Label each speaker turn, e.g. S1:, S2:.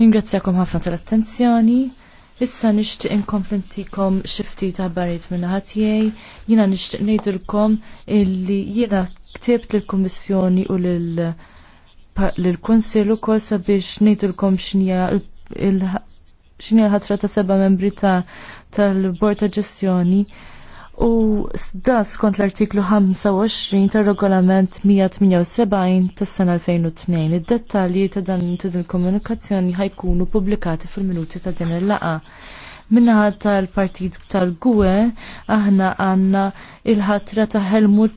S1: Ningrazzjakom ħafna tal-attenzjoni. Issa nixtieq inkomplentikom xi ftit aħbarijiet minn ħadd tiegħi. Jiena nixtieq illi jiena ktibt lill-Kummissjoni u lill-Kunsill ukoll sabiex nejdulkom x'inja l-ħatra ta' seba' membri ta' tal-Bord ta' Ġestjoni U da skont l-artiklu 25 tar regolament 178 tas sena 2002. Id-dettalji ta' dan ta' komunikazzjoni ħajkunu pubblikati fil-minuti ta' din il-laqa. Minna tal-partit tal-Gwe aħna għanna il-ħatra ta' Helmut